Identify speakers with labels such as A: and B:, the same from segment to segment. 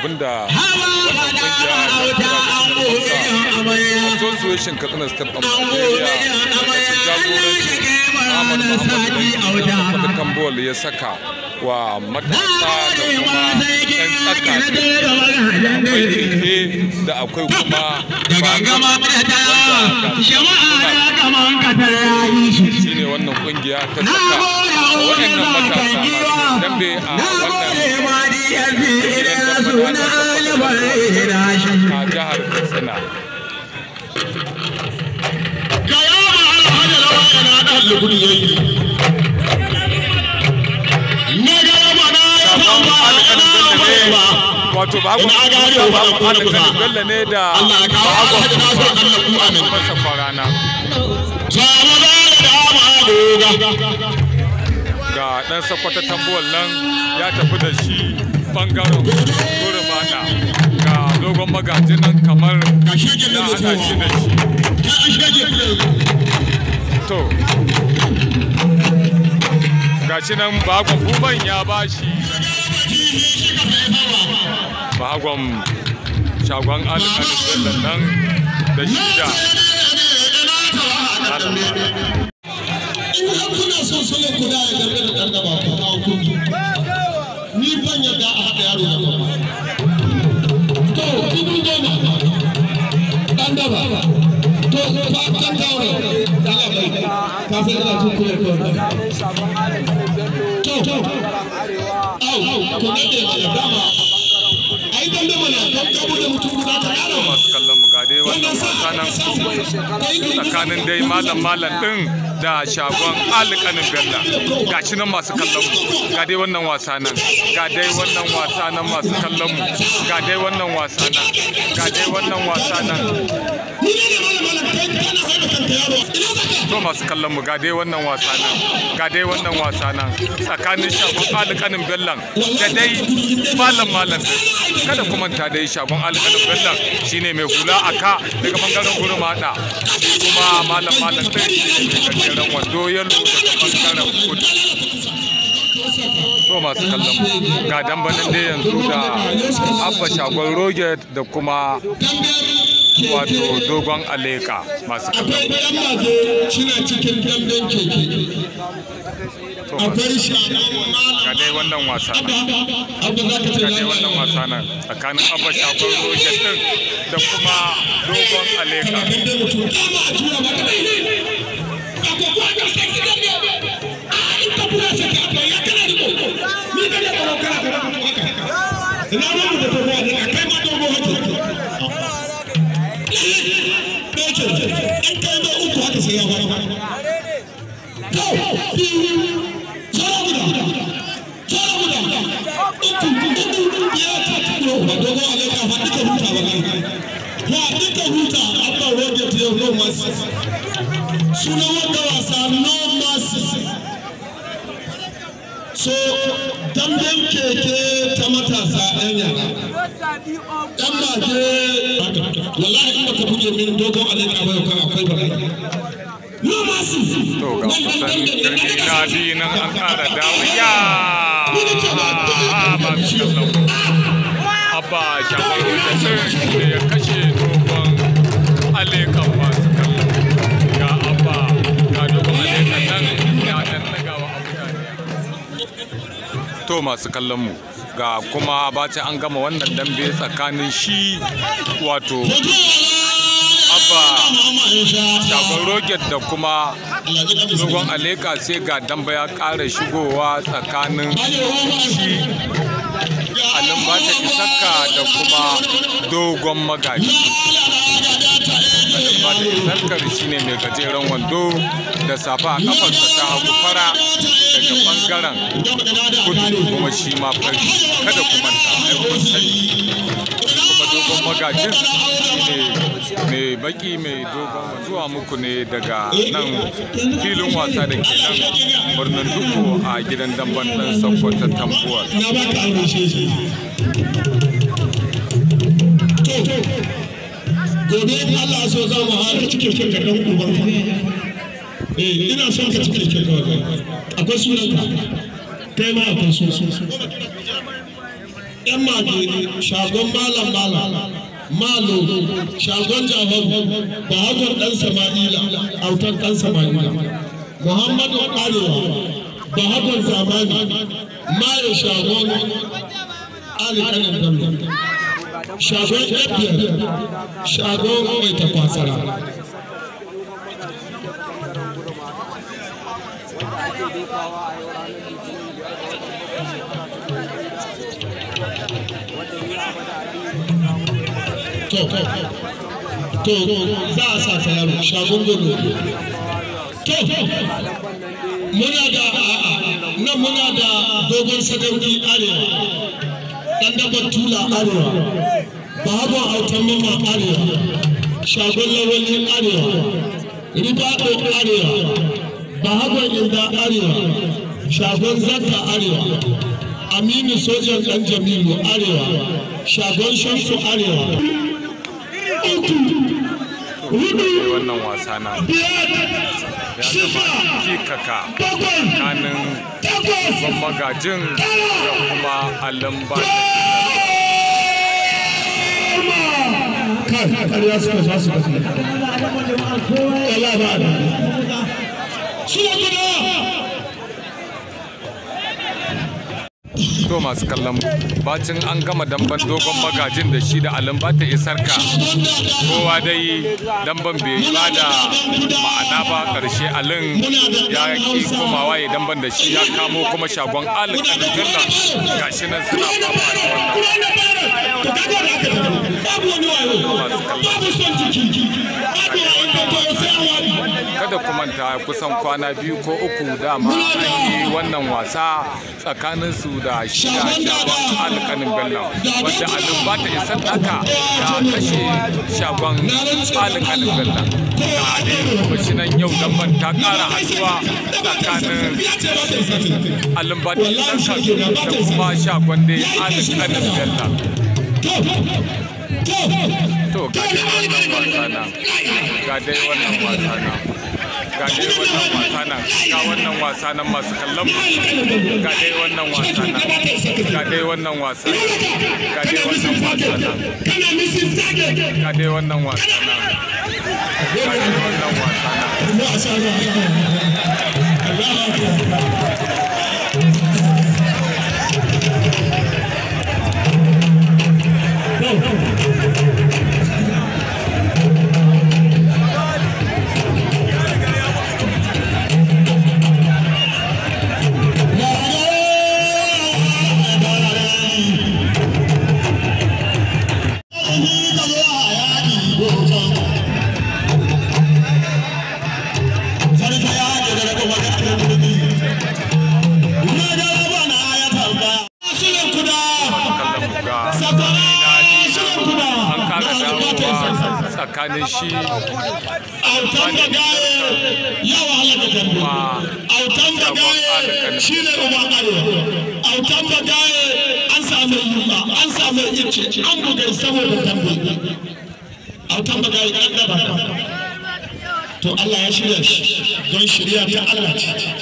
A: abinda wannan kungiya ta katsina step up da kambol ya saka wa matasa da kuma ɗan saka da akwai da gangama ta jama'a na kaman katar shi ne wannan kungiya ta saka wannan matasa a wannan jihar katsina ya gudu ya yi wato ba ku ba ku ne da Allah ka ba ku da so Allah ku masa farana da da ma goga ga dan sakwata nan ya tafi da shi bangaren gurin bada ga dogon magajin nan kamar ya hada shi da shi to gashi nan bakon buban ya bashi bakon shagon alƙalisallan nan da to na masu kallon mu dai wannan tsakanin dai malam malam din da shagon alƙanin bella ga nan masu kallon mu ga dai wannan wasa nan ga dai wannan wasa nan masu kallon mu ga dai wannan wasa nan ga dai wannan wasa nan to masu kallon mu ga dai wannan wasa nan ga dai wannan wasa nan tsakanin shagon alƙanin bellan da dai malam malam kada ku manta dai shagon alƙanin bellan shine mai hula a ka daga bangaren gurmada kuma malam malam ɗin shine mai gajeren wando yalo daga bangaren kudu to masu kallon mu ga dambanin dai yanzu da abba shagon roget da kuma wato dogon aleka masu cikin damben keke akwai shara dai wannan wasa nan wannan wasa nan tsakanin abba shafin rojan din da kuma dogon aleka Ni da ce ya fara Suna wanda wasa no mercy. So, damben keke ta matasa 'yan yara. dan to ga kusan nan an dawo ya ba su ah, abba da da ya kashe dogon alaikan masu kallon abba ga dogon nan ya ɗan ɗagawa abu to masu kallon mu ga kuma bacin an gama wannan dambe tsakanin shi wato abba shagon roget da kuma zugon aleka sai ga damba ya kara shigowa tsakanin shi alin isaka da kuma dogon magaji fata shi shine mai gajeren wando da safa a kafarsa ta hagu fara daga bangaren kudu kuma shi ma fari kada kuma ta aikun sani kuma dogon magajin mai baki mai dogon zuwa muku ne daga nan filin wasa da ke nan birnin duku a gidan damban ɗan sakwata tambuwar
B: gobe in Allah so za mu haka cike ke ka dan uban
A: eh ina son ka cike ke ka akwai sunan ka kai ma akwai sunan yan magiri shagon malam malam malo shagon jahobu da hagon dan samanila autan dan samanila muhammadu arewa da hagon zamani mayo shagon alikanin dalilin shagon ɗabiyar shagon mai takwasara to to za a sa ta yaro shagon gudu to muna da nan muna da dogon sadauki arewa ɗan tula arewa babu autan mimma arewa shagon lawali arewa ribaɗo arewa babu inda arewa shagon zata arewa aminu sojan ɗan jamilu arewa shagon shamsu arewa wannan wasa na ya zama kikaka magajin da kuma alamba suka a su to masu kallon bacin an gama damban dogon magajin da shi da alin ba ta ka kowa dai damban bai ba da ma'ana ba karshe alin ya ki komawa ya damban da shi ya kamo kuma shagon alin alhamdulillah gashi nan suna fafa da wannan masu kallon ta kusan kwana biyu ko uku dama an yi wannan wasa tsakanin su da shida shagon alkanin bello wanda alin ba ta isa daka, ta kashe shagon alkanin bello da alin nan yau man ta kara haduwa tsakanin alin ta isa daka da kuma shagon dai alkanin bello to ga dai wannan wasa na ga dai wannan wasa na ga dai wannan wasa nan ga wannan wasa nan masu kallon ga dai wannan wasa nan ga dai wannan wasa ga dai wannan wasa nan ga dai wannan wasa nan ga dai wannan wasa nan ne shi autan da gaye ya wahala da autan da gaye shi ne uba kare autan da gaye an samu yuka an samu ice an buga saboda dambe autan da gaye an daba to Allah ya shirya shi don shirya ta Allah ce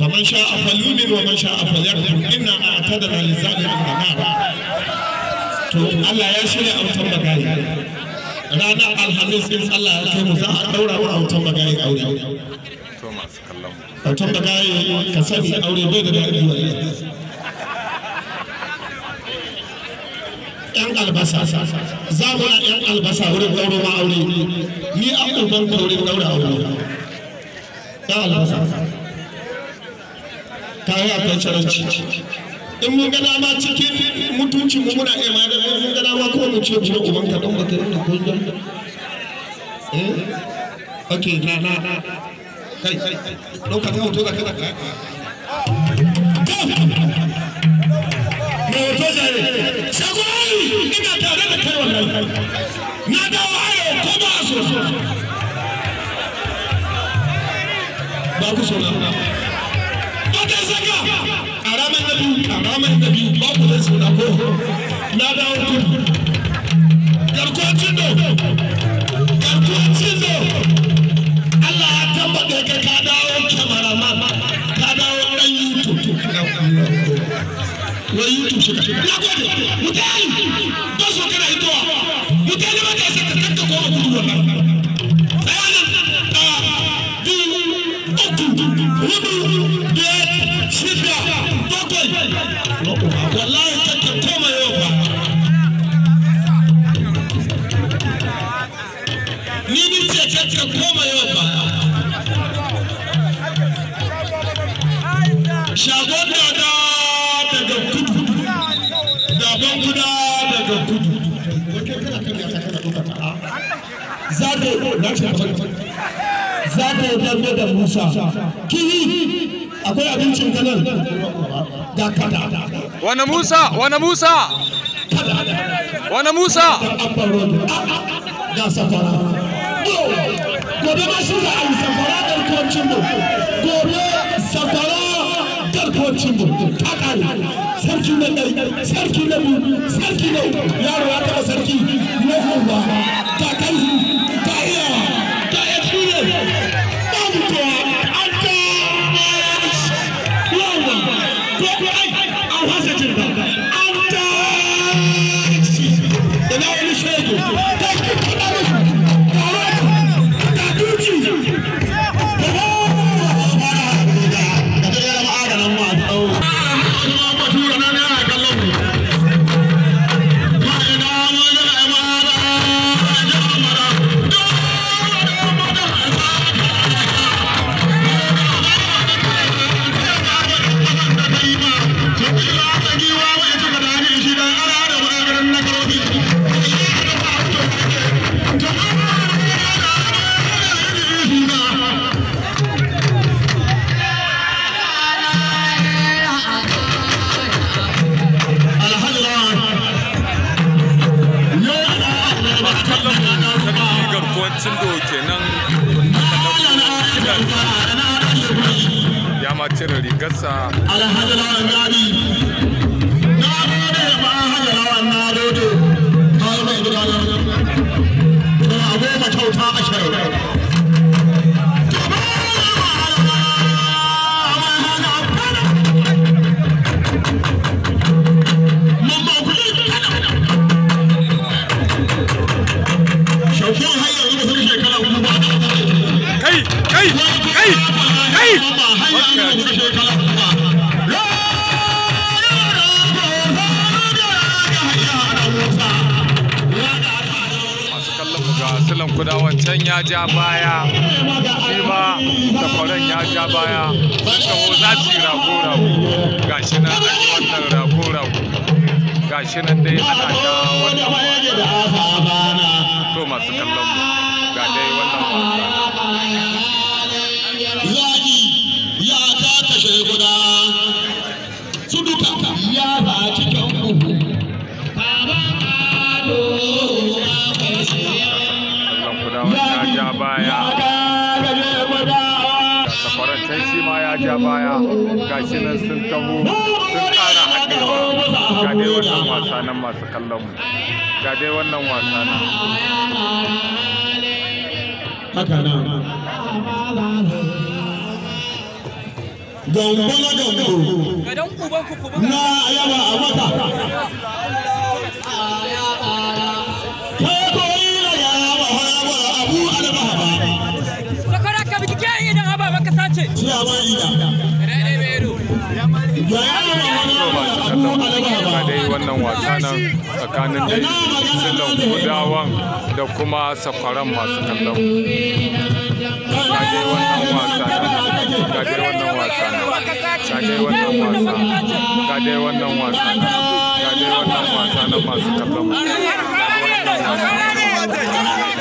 A: فمن شاء فليؤمن ومن شاء فليكفر إنا أعتدنا للظالمين نارا to Allah ya shirya autan bagari ranar alhamis in Allah ya kai mu za a daura wa bagari aure bagari ka sani aure bai da daɗi wallahi yan albasa za mu na yan albasa wurin dauro ma aure ni a uban ka wurin daura aure yan albasa ta yi a kai in mun gada ma cikin mutuncin mu muna mun ma ko mu ce uban ka baka ko eh okay na na na kai hoto da kada ka
B: me jare
A: ina tare da kai wallahi
B: na ko ba so
A: ba ku so na mai da biyu ba ku zai suna ko na dawo ku garkuwar cindo garkuwar cindo Allah ya tabbata ka ka dawo cameraman ka dawo dan YouTube wa YouTube na gode mutane za ta yi dambe da musa kihi akwai abincin ka nan ga kada wani musa wani musa wani musa ga safara gobe ma shi za a yi safara garkuwancin mu gobe safara garkuwancin mu ta kare sarki na ɗai sarki na biyu sarki na yaro ya taɓa sarki na uwa ta Senão eu não kai kai kai kai sulan kuda wancan ya ja baya shi ma tafaran ya ja baya sun taho za su yi rago ga shi nan an yi wannan rago rago shi nan dai ana ta wannan baya gashi nan sun taho sun ƙara haɗewa ga dai wannan wasa nan masu kallon mu ga dai wannan wasa nan haka nan gambo na gambo na yawa a wata dai wannan wasa nan tsakanin dai silon gudawan da kuma sakwaran masu kallon ga dai wannan wasa ga masu kallon